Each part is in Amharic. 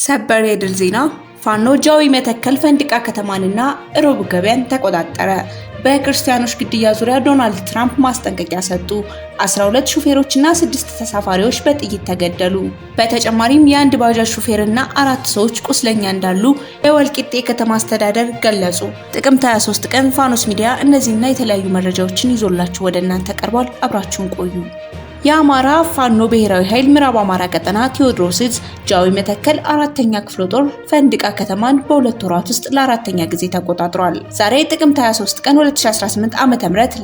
ሰበር የድል ዜና ፋኖ ጃዊ መተከል ፈንድቃ ከተማንና ሮብ ገበያን ተቆጣጠረ። በክርስቲያኖች ግድያ ዙሪያ ዶናልድ ትራምፕ ማስጠንቀቂያ ሰጡ። 12 ሹፌሮችና ስድስት ተሳፋሪዎች በጥይት ተገደሉ። በተጨማሪም የአንድ ባጃጅ ሹፌርና አራት ሰዎች ቁስለኛ እንዳሉ የወልቂጤ ከተማ አስተዳደር ገለጹ። ጥቅምት 23 ቀን ፋኖስ ሚዲያ እነዚህና የተለያዩ መረጃዎችን ይዞላችሁ ወደ እናንተ ቀርቧል። አብራችሁን ቆዩ። የአማራ ፋኖ ብሔራዊ ኃይል ምዕራብ አማራ ቀጠና ቴዎድሮስ ጃዊ መተከል አራተኛ ክፍለ ጦር ፈንድቃ ከተማን በሁለት ወራት ውስጥ ለአራተኛ ጊዜ ተቆጣጥሯል። ዛሬ ጥቅምት 23 ቀን 2018 ዓ.ም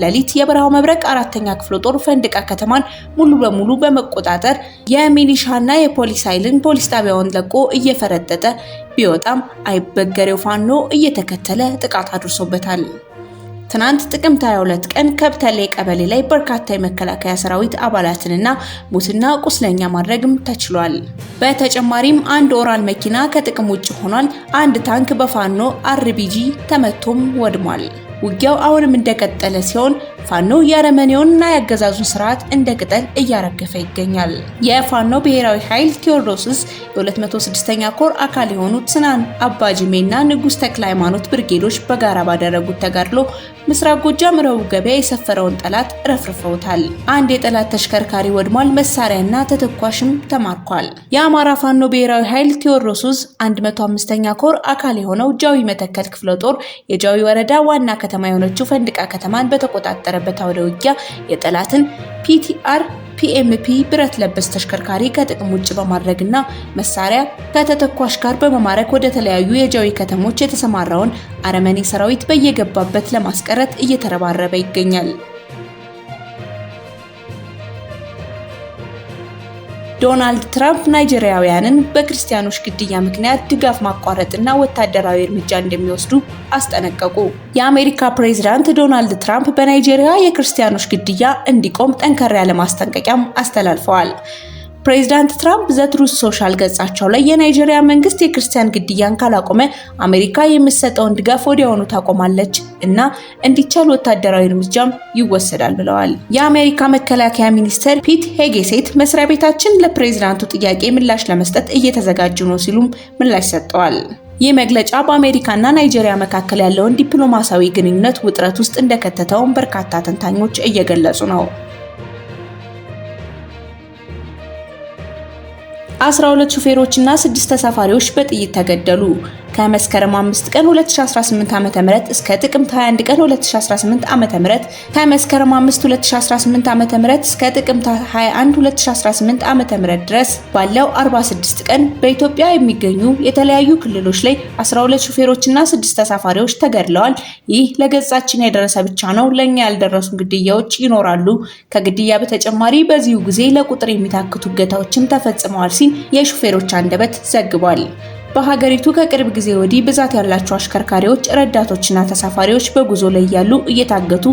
ሌሊት የበረሃው መብረቅ አራተኛ ክፍለ ጦር ፈንድቃ ከተማን ሙሉ በሙሉ በመቆጣጠር የሚኒሻና የፖሊስ ኃይልን ፖሊስ ጣቢያውን ለቆ እየፈረጠጠ ቢወጣም አይበገሬው ፋኖ እየተከተለ ጥቃት አድርሶበታል። ትናንት ጥቅምት 22 ቀን ከብተሌ ቀበሌ ላይ በርካታ የመከላከያ ሰራዊት አባላትንና ሙትና ቁስለኛ ማድረግም ተችሏል። በተጨማሪም አንድ ኦራል መኪና ከጥቅም ውጭ ሆኗል። አንድ ታንክ በፋኖ አርቢጂ ተመቶም ወድሟል። ውጊያው አሁንም እንደቀጠለ ሲሆን ፋኖ የአረመኔውንና የአገዛዙን ስርዓት እንደ ቅጠል እያረገፈ ይገኛል። የፋኖ ብሔራዊ ኃይል ቴዎድሮስስ የ206ኛ ኮር አካል የሆኑት ስናን አባጅሜና ንጉሥ ተክለ ሃይማኖት ብርጌዶች በጋራ ባደረጉት ተጋድሎ ምስራቅ ጎጃም ረቡዕ ገበያ የሰፈረውን ጠላት ረፍርፈውታል። አንድ የጠላት ተሽከርካሪ ወድሟል። መሳሪያና ተተኳሽም ተማርኳል። የአማራ ፋኖ ብሔራዊ ኃይል ቴዎድሮስስ ዕዝ 105ኛ ኮር አካል የሆነው ጃዊ መተከል ክፍለ ጦር የጃዊ ወረዳ ዋና ከተማ የሆነችው ፈንድቃ ከተማን በተቆጣጠ በተፈጠረበት አውደ ውጊያ የጠላትን ፒቲአር ፒኤምፒ ብረት ለበስ ተሽከርካሪ ከጥቅም ውጭ በማድረግና መሳሪያ ከተተኳሽ ጋር በመማረክ ወደ ተለያዩ የጃዊ ከተሞች የተሰማራውን አረመኔ ሰራዊት በየገባበት ለማስቀረት እየተረባረበ ይገኛል። ዶናልድ ትራምፕ ናይጄሪያውያንን በክርስቲያኖች ግድያ ምክንያት ድጋፍ ማቋረጥና ወታደራዊ እርምጃ እንደሚወስዱ አስጠነቀቁ። የአሜሪካ ፕሬዚዳንት ዶናልድ ትራምፕ በናይጄሪያ የክርስቲያኖች ግድያ እንዲቆም ጠንከር ያለ ማስጠንቀቂያም አስተላልፈዋል። ፕሬዚዳንት ትራምፕ ዘትሩስ ሶሻል ገጻቸው ላይ የናይጄሪያ መንግስት የክርስቲያን ግድያን ካላቆመ አሜሪካ የምትሰጠውን ድጋፍ ወዲያውኑ ታቆማለች እና እንዲቻል ወታደራዊ እርምጃም ይወሰዳል ብለዋል። የአሜሪካ መከላከያ ሚኒስተር ፒት ሄጌሴት መስሪያ ቤታችን ለፕሬዚዳንቱ ጥያቄ ምላሽ ለመስጠት እየተዘጋጁ ነው ሲሉም ምላሽ ሰጠዋል። ይህ መግለጫ በአሜሪካና ናይጄሪያ መካከል ያለውን ዲፕሎማሲያዊ ግንኙነት ውጥረት ውስጥ እንደከተተውን በርካታ ተንታኞች እየገለጹ ነው። አስራ ሁለት ሹፌሮችና ስድስት ተሳፋሪዎች በጥይት ተገደሉ። ከመስከረም 5 ቀን 2018 ዓ.ም እስከ ጥቅምት 21 ቀን 2018 ዓ.ም ከመስከረም 5 2018 ዓ.ም እስከ ጥቅምት 21 2018 ዓ.ም ድረስ ባለው 46 ቀን በኢትዮጵያ የሚገኙ የተለያዩ ክልሎች ላይ 12 ሹፌሮችና 6 ተሳፋሪዎች ተገድለዋል። ይህ ለገጻችን የደረሰ ብቻ ነው። ለኛ ያልደረሱ ግድያዎች ይኖራሉ። ከግድያ በተጨማሪ በዚሁ ጊዜ ለቁጥር የሚታክቱ እገታዎችን ተፈጽመዋል ሲል የሹፌሮች አንደበት ዘግቧል። በሀገሪቱ ከቅርብ ጊዜ ወዲህ ብዛት ያላቸው አሽከርካሪዎች፣ ረዳቶችና ተሳፋሪዎች በጉዞ ላይ እያሉ እየታገቱ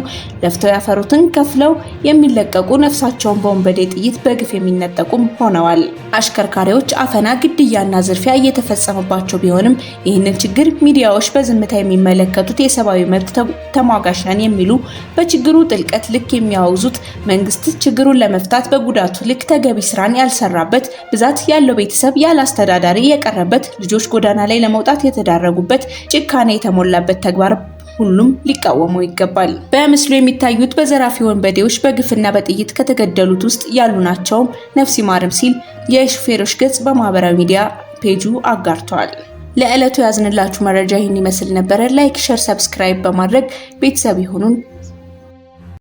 ለፍተው ያፈሩትን ከፍለው የሚለቀቁ ነፍሳቸውን በወንበዴ ጥይት በግፍ የሚነጠቁም ሆነዋል። አሽከርካሪዎች አፈና፣ ግድያና ዝርፊያ እየተፈጸመባቸው ቢሆንም ይህንን ችግር ሚዲያዎች በዝምታ የሚመለከቱት የሰብአዊ መብት ተሟጋች ነን የሚሉ በችግሩ ጥልቀት ልክ የሚያወግዙት መንግስት ችግሩን ለመፍታት በጉዳቱ ልክ ተገቢ ስራን ያልሰራበት ብዛት ያለው ቤተሰብ ያለ አስተዳዳሪ የቀረበት ልጆች ጎዳና ላይ ለመውጣት የተዳረጉበት ጭካኔ የተሞላበት ተግባር ሁሉም ሊቃወመው ይገባል። በምስሉ የሚታዩት በዘራፊ ወንበዴዎች በግፍና በጥይት ከተገደሉት ውስጥ ያሉ ናቸውም ነፍስ ይማርም ሲል የሹፌሮች ገጽ በማህበራዊ ሚዲያ ፔጁ አጋርተዋል። ለዕለቱ ያዝንላችሁ መረጃ ይህን ይመስል ነበረ። ላይክ፣ ሸር፣ ሰብስክራይብ በማድረግ ቤተሰብ ይሁኑን።